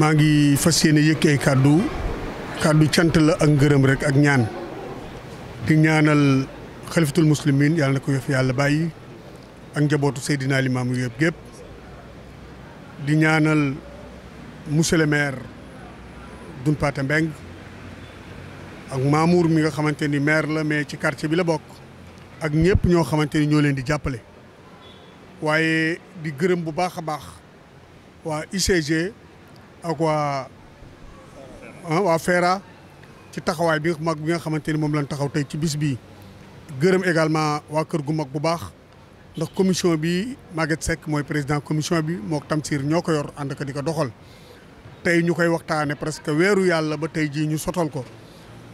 maa ngi fas yéene yëkki ay kàddu kàddu cant la ak ngërëm rek ak ñaan di ñaanal xalifatul muslimin yàlla na ko yof yàlla bàyyi ak njabootu Seydina Limaamu yëpp gépp di ñaanal monsieur le maire Doune Pathé Mbeng ak Mamour mi nga xamante ni maire la mais ci quartier bi la bokk ak ñépp ñoo xamante ni ñoo leen di jàppale waaye di gërëm bu baax a baax waa UCG ak waa ah, waa FERA ci taxawaay bi mag bi nga xamante ni moom lañ taxaw tey ci bis bii gërëm également waa kër gu mag bu baax ndax commission bi Maguette sekk mooy président commission bi moo Tamsir ñoo ko yor ànd ka di ko doxal tey ñu koy waxtaane presque weeru yàlla ba tey jii ñu sotal ko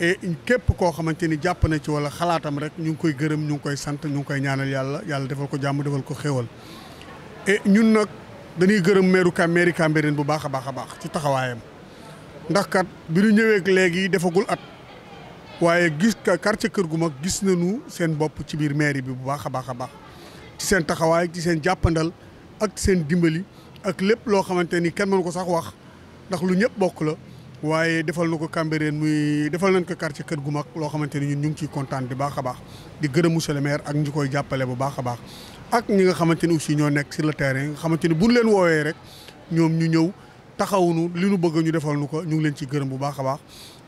et képp koo xamante ni jàpp na ci wala xalaatam rek ñu ngi koy gërëm ñu ngi koy sant ñu ngi koy ñaanal yàlla yàlla defal ko jàmm defal ko xéewal ñun nag dañuy gërëm meeru ka meeri Cambérène bu baax a baax a baax ci taxawaayam ndax kat bi ñu ñëwee léegi defagul at waaye gis ka quartier kër gu mag gis nanu seen bopp ci biir mairie bi bu baax a baax a baax ci seen taxawaay ci seen jàppandal ak seen dimbali ak lépp loo xamante ni kenn mënu ko sax wax ndax lu ñëpp bokk la waaye defal na ko Cambérène muy defal na ko quartier kër gu mag loo xamante ni ñun ñu ngi ciy kontaan bi baax a baax di gërëm monsieur le maire ak ñu koy jàppale bu baax a ak ñi nga xamante ni aussi ñoo nekk si le terrain nga xamante ni buñ leen woowee rek ñoom ñu ñëw taxawunu li ñu bëgg ñu defal nu ko ñu ngi leen ci gërëm bu baax a baax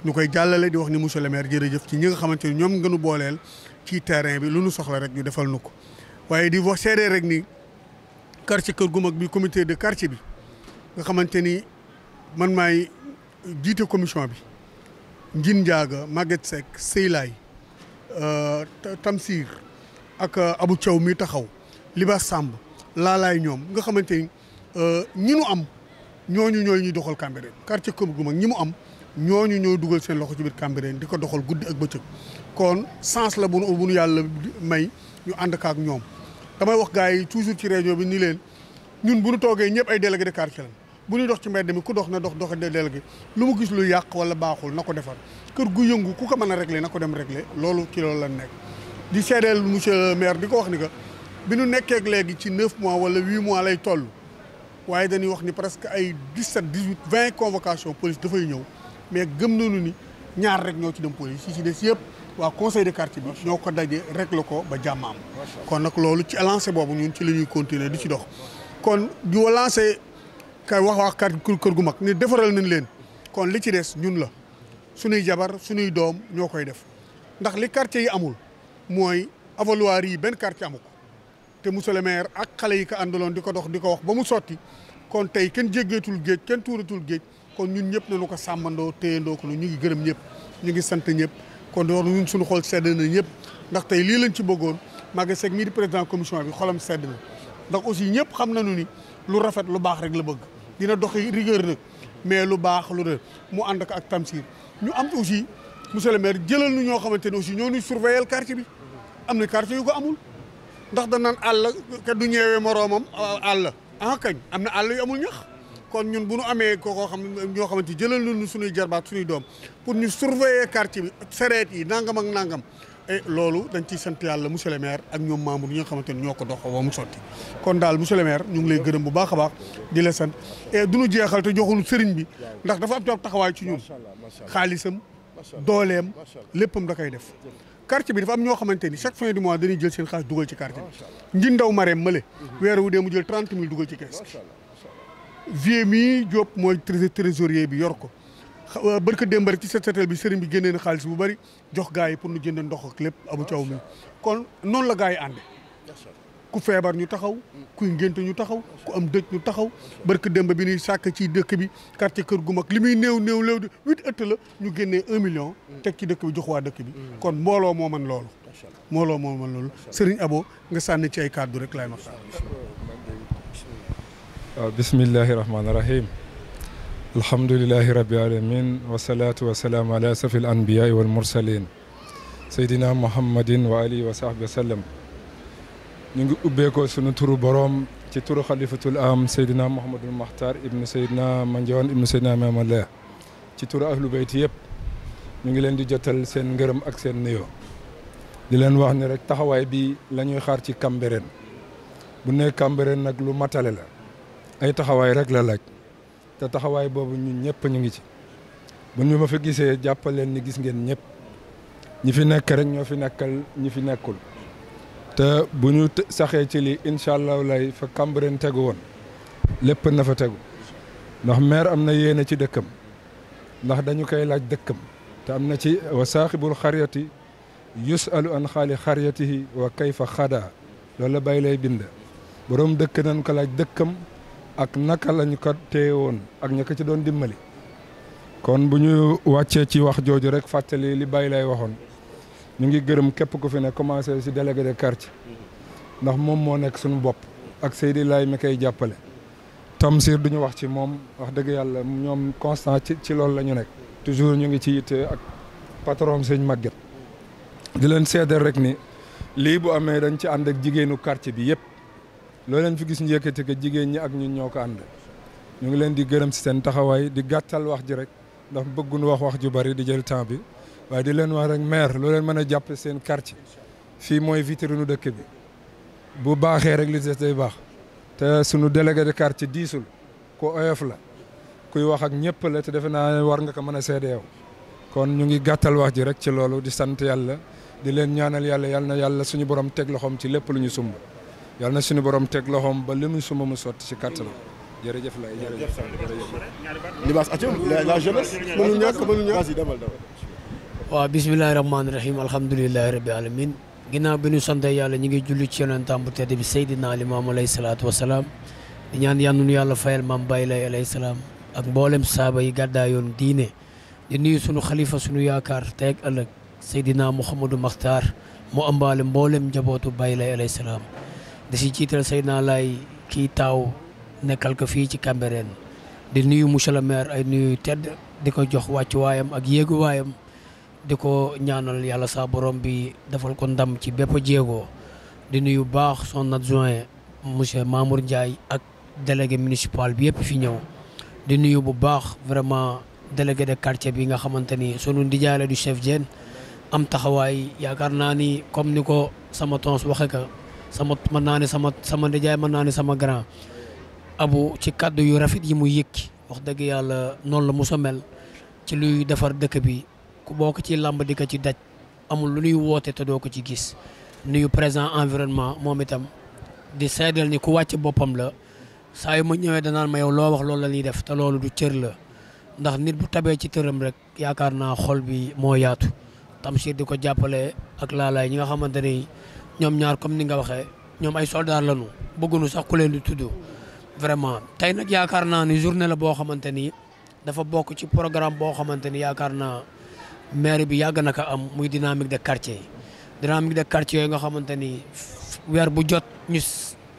ñu koy jàllale di wax ni monsieur le maire jërëjëf ci ñi nga xamante ni ñoom ngënu booleel ci terrain bi lu ñu soxla rek ñu defal nu ko waaye di wax seedee rek ni quartier kër gu mag bi comité de quartier bi nga xamante ni man maay jiite commission bi Njin Ndiaga Maguette Seck Seylaay euh, Tamsir ak euh, Abou Thiaw mi taxaw Libaas Samb laalaay ñoom nga xamante ni euh, ñi nu am ñooñu ñooy ñuy doxal Cambérène quartier kër mag ñi mu am ñooñu ñoo dugal seen loxo ci biir Cambérène di ko doxal guddi ak bëccëg kon sens la bu nu bu nu yàlla may ñu ànd kaak ñoom damay wax gars yi toujours ci région bi ni leen ñun bu nu toogee ñëpp ay délégué de quartier lañ bu ñuy dox ci mbedd mi ku dox na dox dox de délégué lu mu gis lu yàq wala baaxul na ko defar kër gu yëngu ku ko mën a réglé na ko dem réglé loolu ci loolu la nekk di seedeel monsieur le maire di ko wax ni que bi nu nekkee léegi ci neuf mois wala huit mois lay toll waaye dañuy wax ni presque ay dix-sept dix-huit vingt convocation police dafay ñëw mais gëm nañu ni ñaar rek ñoo ci dem police yi ci des yëpp waa conseil de quartier bi ñoo ko daje rek la ko ba jàmm am kon nag loolu ci lancé boobu ñun ci la ñuy continuer di ci dox kon di lancé kay wax wax kër gu mag ni defaral nañ leen kon li ci des ñun la suñuy jabar suñuy doom ñoo koy def ndax li quartier yi amul mooy avaloir yi benn quartier amu ko te monsieur le maire ak xale yi ko àndaloon di ko dox di ko wax ba mu sotti kon tey kenn jéggeetul géej kenn tuuratul géej kon ñun ñëpp nañu ko sàmmandoo téyandoo ko ñu ngi gërëm ñëpp ñu ngi sant ñëpp kon loolu ñun suñu xol sedd na ñëpp ndax tey lii lañ ci bëggoon Maguette Seck mii di président commission bi xolam sedd na ndax aussi ñëpp xam nañu ni lu rafet lu baax rek la bëgg dina doxi rigueur nag mais lu baax lu rër mu ànd ak ak Tamsir ñu am aussi monsieur le maire ne aussi ñoo ñuy surveiller quartier ndax danaan àll ke du ñëwee moroomam àll ah kañ am na àll yu amul ñax kon ñun bu nu amee koo xam ñoo xamante jëlal nañu suñuy jarbaat suñuy doom pour ñu surveiller quartier bi sereet yi nangam ak nangam et eh, loolu dañ ci sant yàlla monsieur le maire ak ñoom membre yi nga xamante ne ñoo ko dox ba mu sotti kon daal monsieur le maire ñu ngi lay gërëm bu baax a baax di la sant et eh, du ñu jeexal te joxul sëriñ bi ndax dafa am taxawaay ci ñun xaalisam dooleem léppam da koy def quartier bi dafa am ñoo xamante ni chaque fin du mois dañuy jël seen xaalis dugal ci quartier bi ngin ndaw mareem male weer wu dee mu jël trente mille dugal ci kees vie mii Jóob mooy trésorier bi yor ko euh, barka démb rek ci set setel bi sëriñ bi génnee na xaalis bu bëri jox gaa yi pour nu jënd ndox ak lépp abu caw mi kon noonu la gars yi ànde ku feebar ñu taxaw kuy ngénte ñu taxaw ku am dëj ñu taxaw barke demb bi ñuy sàkk ci dëkk bi quartier kër gu mag li muy néew néew léew di huit ëtt la ñu génnee un million teg ci dëkk bi jox waa dëkk bi mm. kon mbooloo moo man loolu mbooloo moo man loolu Serigne Abo nga sànni ci ay kàddu rek laay wax waaw bismillahi rahmaani rahim alhamdulilahi rabbi alamin wasalaatu wasalaamu ala asrafi al waa wal seydina muhammadin wa alihi wa sahbi wa ñu ngi ubbeekoo sunu turu boroom ci turu xalifatul am Seydina Mouhamadul Makhtar ibnu Seydina Mandione ibnu Seydina Mamadou ci turu ahlu bayti yëpp ñu ngi leen di jotal seen ngërëm ak seen nuyoo di leen wax ni rek taxawaay bi lañuy xaar ci Cambérène bu nee Cambérène nag lu matale la ay taxawaay rek la laaj te taxawaay boobu ñu ñëpp ñu ngi ci bu ñu ma fa gisee jàppaleen ni gis ngeen ñëpp ñi fi nekk rek ñoo fi nekkal ñi fi nekkul te bu ñu saxee ci li incha allah lay fa Cambérène tegu woon lépp na fa tegu ndax maire am na yéene ci dëkkam ndax dañu koy laaj dëkkam te am na ci wa saaxibul xaryati yusalu an xaali xaryatihi wa kayfa xadaa loolu la bay lay bind boroom dëkk nañ ko laaj dëkkam ak naka lañ ko téye woon ak ña ko ci doon dimbali kon bu ñu wàccee ci wax jooju rek fàttali li bay lay waxoon ñu ngi gërëm képp ku fi ne commencé si délégué de quartier ndax moom moo nekk suñu bopp ak Seydi Laay mi koy jàppale Tamsir duñu wax ci moom wax dëgg yàlla ñoom constant ci ci loolu la nekk toujours ñu ngi ci yitte ak patron sëñ Maguette di leen seedal rek ni lii bu amee dañ ci ànd ak jigéenu quartier bi yëpp loo leen fi gis ñu yëkkati ko jigéen ñi ak ñu ñoo ko ànd ñu ngi leen di gërëm si seen taxawaay di gàttal wax ji rek ndax bëgguñu wax wax ju bari di jël temps bi waaye di leen wax rek maire loo leen mën a jàpp seen quartier fii mooy vitrine dëkk bi bu baaxee rek li des day baax te sunu délégué de quartier diisul ku oyof la kuy wax ak ñëpp la te defe naa war nga ko mën a seede yow kon ñu ngi gàttal wax ji rek ci loolu di sant yàlla di leen ñaanal yàlla yal na yàlla suñu borom teg loxoom ci lépp lu ñu sumb yal na suñu borom teg loxoom ba li mu sumb mu sotti ci kàttanam jërëjëf laay jërëjëf. Libaas Athio la jeunesse mënu waaw bisimilahi rahmaani rahim alhamdulilahi rabi alamin ginnaaw bi ñu sante yàlla ñu ngi julli ci yonentam bu tedd bi Seydina Limaamu alayhi salaatu wasalaam di ñaan yal yàlla fayal maam Baye Laye salaam ak mboolem saaba yi gàddaayoon diine di nuyu sunu xalifa sunu yaakaar tey ak ëllëg Seydina Mouhamadou Makhtar mu ambaale mboolem njabootu Baye Laye alayhi salaam di si jiital Seydina Laay kii taaw nekkal ko fii ci Cambérène di nuyu monsieur le maire ay nuyu tedd di ko jox wàccuwaayam ak yéeguwaayam di ko ñaanal yàlla saa borom bi defal ko ndam ci bépp jéego di nuyu baax son adjoint monsieur Mamour Ndiaye ak délégué municipal bi yëpp fi ñëw di nuyu bu baax vraiment délégué de quartier bi nga xamante ni sunu ndijaay la du chef Diène am taxawaay yaakaar naa ni comme ni ko sama tons waxe ka sama mën naa ne sama sama ndijaay mën naa ne sama grand abu ci kàddu yu rafet yi mu yëkki wax dëgg yàlla noonu la musa mel ci luy defar dëkk bi boo ko ci làmb di ko ci daj amul lu ñuy woote te doo ko ci gis nuyu présent environnement moom itam di seedal ni ku wàcc boppam la saa yu ma ñëwee danaan ma yow loo wax loolu la ñuy def te loolu du cër la ndax nit bu tabee ci tëram rek yaakaar naa xol bi moo yaatu Tamsir di ko jàppale ak laalaay ñi nga xamante ni ñoom ñaar comme ni nga waxee ñoom ay soldat nu bëgguñu sax ku leen di tudd vraiment tey nag yaakaar naa ni journée la boo xamante maire bi yàgg na ko am muy dynamique de quartier dynamique de quartier yooyu nga xamante ni weer bu jot ñu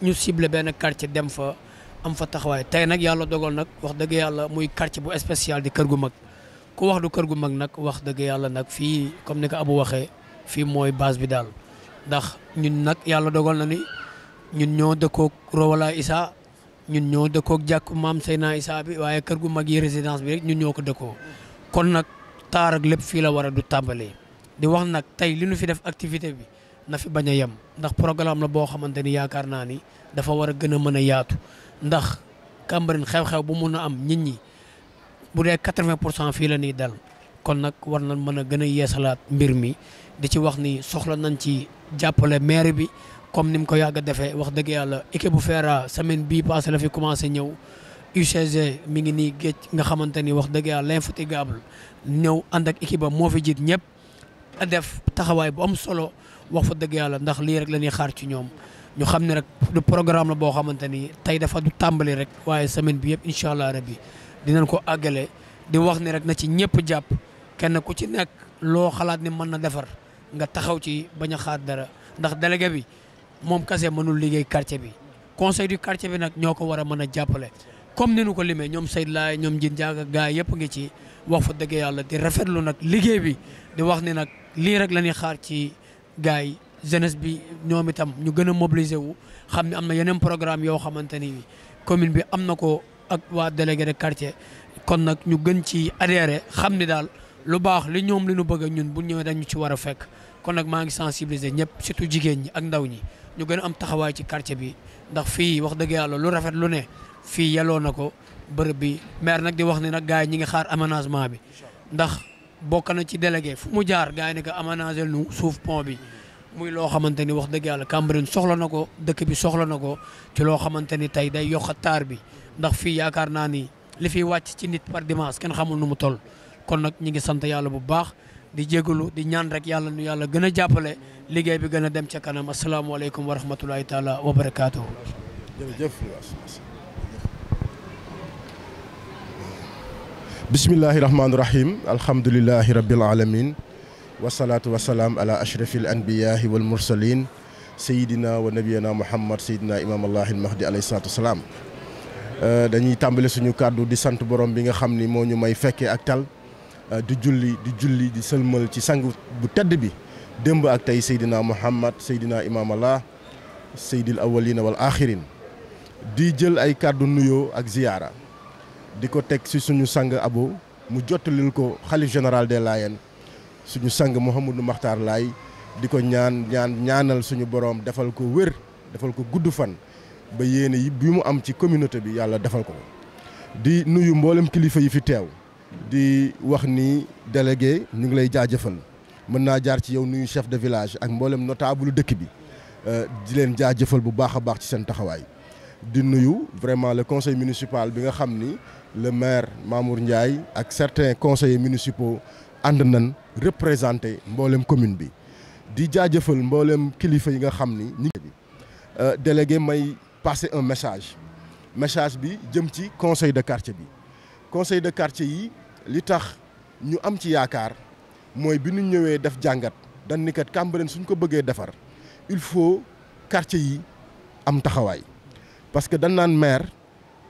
ñu ciblé benn quartier dem fa am fa taxawaay tey nag yàlla dogal nag wax dëgg yàlla muy quartier bu spécial di kër gu mag ku wax du kër gu mag nag wax dëgg yàlla nag fii comme ni ko Abu waxee fii mooy base bi daal ndax ñun nag yàlla dogal na ni ñun ñoo dëkkoog Roowala Issa ñun ñoo dëkkook jàkku maam sey naa issaa bi waaye kër gu mag yi résidence bi ñun ñoo ko dëkkoo kon nag taar ak lépp fii la war a du tàmbalee di wax nag tey li nu fi def activité bi na fi bañ a yem ndax programme la boo xamante ni yaakaar naa ni dafa war a gën a mën a yaatu ndax Cambérène xew-xew bu mun a am nit ñi bu dee 80 pour cent fii la nii dal kon nag war na mën a gën a yeesalaat mbir mi di ci wax ni soxla nañ ci jàppale maire bi comme ni mu ko yàgg a defee wax dëgg yàlla équipe bu Feera semaine bii passé la fi commencé ñëw UCG mi ngi nii géej nga xamante ni wax dëgg yàlla l'infatigable ñëw ànd ak équipe moo fi jiit ñëpp def taxawaay bu solo wax fa dëgg yàlla ndax lii rek la ñuy xaar ci ñoom ñu xam ne rek du programme la boo xamante ni tey dafa du tàmbali rek waaye semaine bi yëpp incha allah rabbi dinañ ko àggale di wax ni rek na ci ñëpp jàpp kenn ku ci nekk loo xalaat ni mën na defar nga taxaw ci bañ a xaar dara ndax délégué bi moom kese mënul liggéey quartier bi comme ni nu ko limee ñoom Seydou ñoom Ndiène Diaga gaa yëpp ngi ci wax fa dëgg yàlla di rafetlu nag liggéey bi di wax ni nag lii rek la xaar ci gars yi jeunesse bi ñoom itam ñu gën a mobiliser wu xam ne am na yeneen programme yoo xamante ni commune bi am na ko ak waa délégué de quartier kon nag ñu gën ci adhéré xam ni daal lu baax li ñoom li ñu bëgg ñun bu ñëwee dañu ci war a fekk kon nag maa ngi sensibiliser ñëpp surtout jigéen ñi ak ndaw ñi ñu gën a am taxawaay ci quartier bi rafet lu ne fii yelloo na ko bërëb bi maire nag di wax ne nag gars ñi ngi xaar aménagement bi ndax bokk na ci délégué fu mu jaar gars yi ne ko aménager nu suuf pont bi muy loo xamante ni wax dëgg yàlla Cambérène soxla na ko dëkk bi soxla na ko ci loo xamante ni tey day yokk taar bi ndax fii yaakaar naa ni li fi wàcc ci nit par dimance kenn xamul nu mu toll kon nag ñi ngi sant yàlla bu baax di jégalu di ñaan rek yàlla nu yàlla gën a jàppale liggéey bi gën a dem ca kanam asalaamaaleykum wa rahmatulahi taala wa barakaatuhu jërëjëf bismillahi rahmaani rahim alhamdulilahi rabbil alamin wasalaatu wasalaam ala ashrafil anbiyaahi wal mursalin sayidina wa nabiyana muhammad sayidina imaam allahi almahdi alayhi salaatu wasalaam euh, dañuy tàmbali suñu kàddu di sant borom bi nga xam ni moo ñu may fekkee ak tal euh, di julli di sëlmal ci sang bu tedd bi démb ak tey seydina muhammad sayidina imaam allah sayidil awalina wal axirin di jël ay kàddu nuyoo ak ziyaara di ko teg si suñu sang abo mu jottalil ko xalif général des Layènes suñu sang Mouhamadou Makhtar Laye di ko ñaan ñaan ñaanal suñu borom defal ko wér defal ko gudd fan ba yéene yi bi mu am ci communauté bi yàlla defal ko di nuyu mboolem kilifa yi fi teew di wax ni délégué ñu ngi lay jaa jaajëfal mën naa jaar ci yow nuyu chef de village ak mboolem notable dëkk bi euh, di leen jaajëfal bu baax a baax ci seen taxawaay di nuyu vraiment le conseil municipal bi nga xam ni le maire Mamour Ndiaye ak certains conseillers municipaux ànd nañ représenté mboolem commune bi di jaajëfal mboolem kilifa yi nga xam ni ñi euh, délégué may passer un message message bi jëm ci conseil de quartier bi conseil de quartier yi li tax ñu am ci yaakaar mooy bi ñu ñëwee def jàngat dañ ni kat suñ ko bëggee defar il faut quartier yi am taxawaay parce que dañ naan maire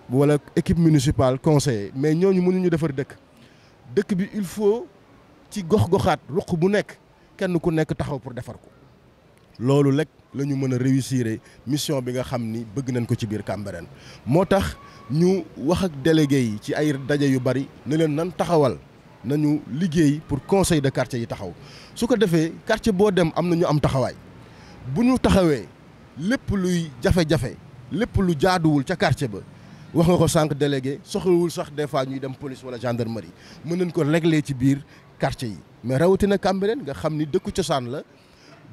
wala équipe municipale conseiller mais ñoo ñooñu mënuñu defar dëkk dëkk bi il faut ci gox-goxaat ruq bu nekk kenn ku nekk taxaw pour defar ko loolu rek la ñu mën a réussir mission bi nga xam ni bëgg nañ ko ci biir Cambérène moo tax ñu wax ak délégué yi ci ay daje yu bari ne leen nan taxawal nañu liggéey pour conseil de quartier yi taxaw su ko defee quartier boo dem am na ñu am taxawaay bu ñu taxawee lépp luy jafe-jafe. lépp lu jaaduwul ca quartier ba wax nga ko sànq délégué soxlawul sax des fois ñuy dem police wala gendarmerie mën nañ ko régler ci biir quartier yi mais rawatina Cambérène nga xam ni dëkku cosaan la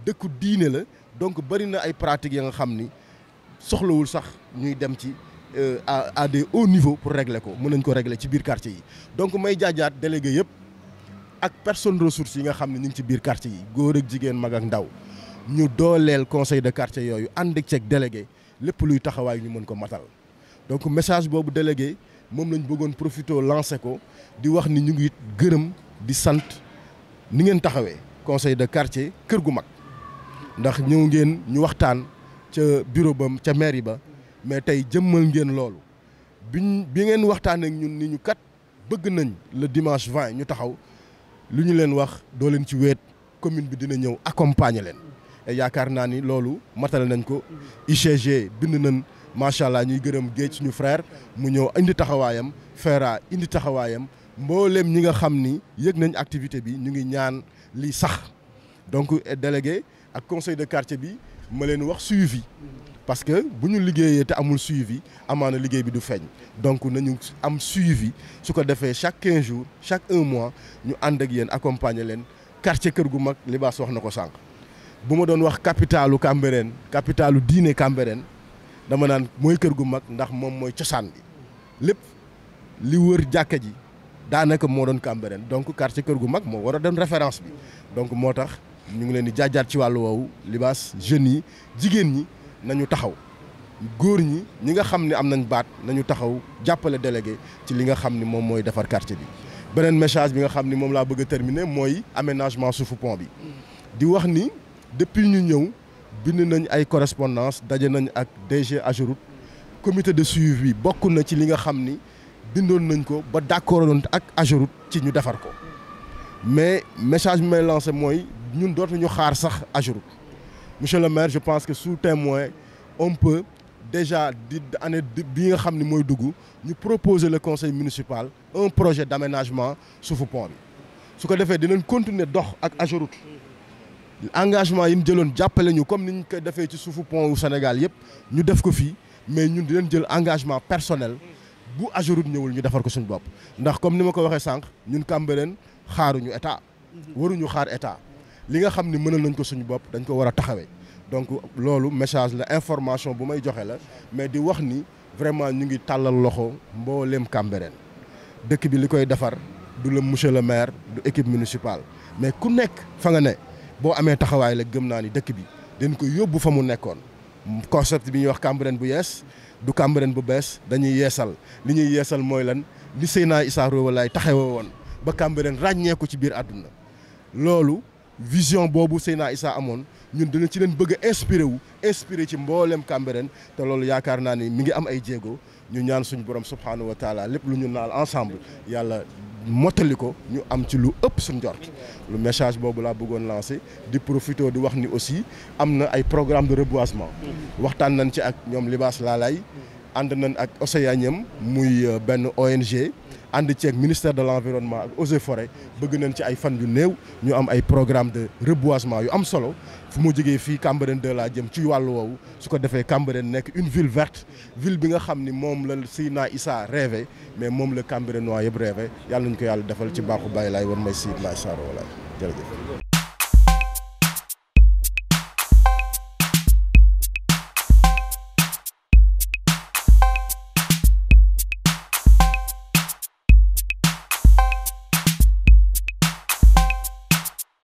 dëkku diine la donc bari na ay pratiques ya nga xam ni soxlawul sax ñuy dem ci euh, à à des hauts niveaux pour réglé ko mën nañ ko régler ci biir quartier yi donc may jaajaat délégué yëpp ak personne ressource yi nga xam ne ñu ci biir quartier yi góor ak jigéen mag ak ndaw ñu dooleel conseil de quartier yooyu ànd ceeg délégué lépp luy taxawaay ñu mën ko matal donc message boobu délégué moom lañ bëggoon profito lancé ko di wax ni ñu ngi gërëm di sant ni ngeen taxawee conseil de quartier kër gu mag ndax ñëw ngeen ñu waxtaan ca bureau ba ca mairie ba mais tey jëmmal ngeen loolu bi bi ngeen waxtaaneek ak ñun ni ñu kat bëgg nañ le dimanche 20 ñu taxaw lu ñu leen wax doo leen ci weet commune bi dina ñëw accompagner leen yaakaar naa ni loolu matale nañ ko ICG bind nañ macha allah ñuy gërëm géej suñu frère mu ñëw indi taxawaayam Fera indi taxawaayam mbooleem ñi nga xam ni yëg nañ activité bi ñu ngi ñaan li sax donc délégué ak conseil de quartier bi ma leen wax suivi parce que bu ñu liggéeyee te amul suivi amaana liggéey bi du feeñ donc nañu am suivi su ko defee chaque quinze jours chaque un mois ñu ànd ak yéen accompagner leen quartier kër gu mag Libaas wax na ko sànq. bu ma doon wax capitalu Cambérène capitalu diine Cambérène dama naan mooy kër gu mag ndax moom mooy cosaan bi lépp li wër jàkka ji daanaka moo doon Cambérène donc quartier kër gu mag moo war a dem référence bi donc moo tax ñu ngi leen di jaajaat ci wàllu woowu libaas jeunes yi jigéen ñi nañu taxaw góor ñi ñi nga xam ne am nañ baat nañu taxaw jàppale délégué ci li nga xam ni moom mooy defar quartier bi beneen message bi nga xam ni moom laa bëgg a terminer mooy aménagement suufu bi depuis ñu ñëw bind nañ ay correspondance daje nañ ak DG Ageroute comité de suivi bi bokk na ci li nga xam ni bindoon nañ ko ba d'accord doon ak Ageroute ci ñu defar ko mais message bi may lancé mooy ñun dootuñu xaar sax Ageroute monsieur le maire je pense que sous témoin on peu déjà di année bi nga xam ni mooy dugg ñu proposer le conseil municipal un projet d'aménagement suufu pont bi su ko defee dinañ continuer dox ak Ageroute engagement yi mu jëloon jàppale ñu comme ni ñu ko defee ci suufu pont wu Sénégal yëpp ñu def ko fii mais ñun di leen jël engagement personnel bu Ageroute ñëwul ñu defar ko suñu bopp ndax comme ni ma ko waxee sànq ñun Cambérène xaaruñu état waruñu xaar état li nga xam ni mënal nañ ko suñu bopp dañ ko war a taxawee donc loolu message la information bu may joxe la mais di wax ni vraiment ñu ngi tàllal loxo mbooleem Cambérène dëkk bi li koy defar du la monsieur le maire du équipe mais ku nekk fa nga ne boo amee taxawaay la gëm naa ni dëkk bi dañ ko yóbbu fa mu nekkoon concept bi ñuy wax Cambérène bu yees du Cambérène bu bees dañuy yeesal li ñuy yeesal mooy lan li Seydina Issa Rouhou Laye taxawe woon ba Cambérène ràññeeku ci biir àdduna loolu vision boobu naa Issa amoon ñun dina ci leen bëgg a inspiré wu inspiré ci mboolem Cambérène te loolu yaakaar naa ni mi ngi am ay jéego ñu ñaan suñu borom subhaanahu wa taala lépp lu ñu naal ensemble yàlla mottali ko ñu am ci lu ëpp suñ njort lu message boobu laa bëggoon lancé di profité di wax ni aussi am na ay programme de reboisement mm. waxtaan nañ ci ak ñoom libaas laalaay ànd nan ak Océanium muy euh, benn ONG ànd ceeg ministère de l'environnement ak eaux et bëgg nañ ci ay fan yu néew ñu am ay programme de reboisement yu am solo fu mu jógee fii Cambérène 2 laa jëm ci wàllu woowu su ko defee Cambérène nekk une ville verte ville bi nga xam ni moom la Seydina Issa rêvé mais moom la Cambérénois yëpp rêvé yàlla nañu ko yàlla defal ci baaxu bàyyi laay war may Seydina Issa roolaay jërëjëf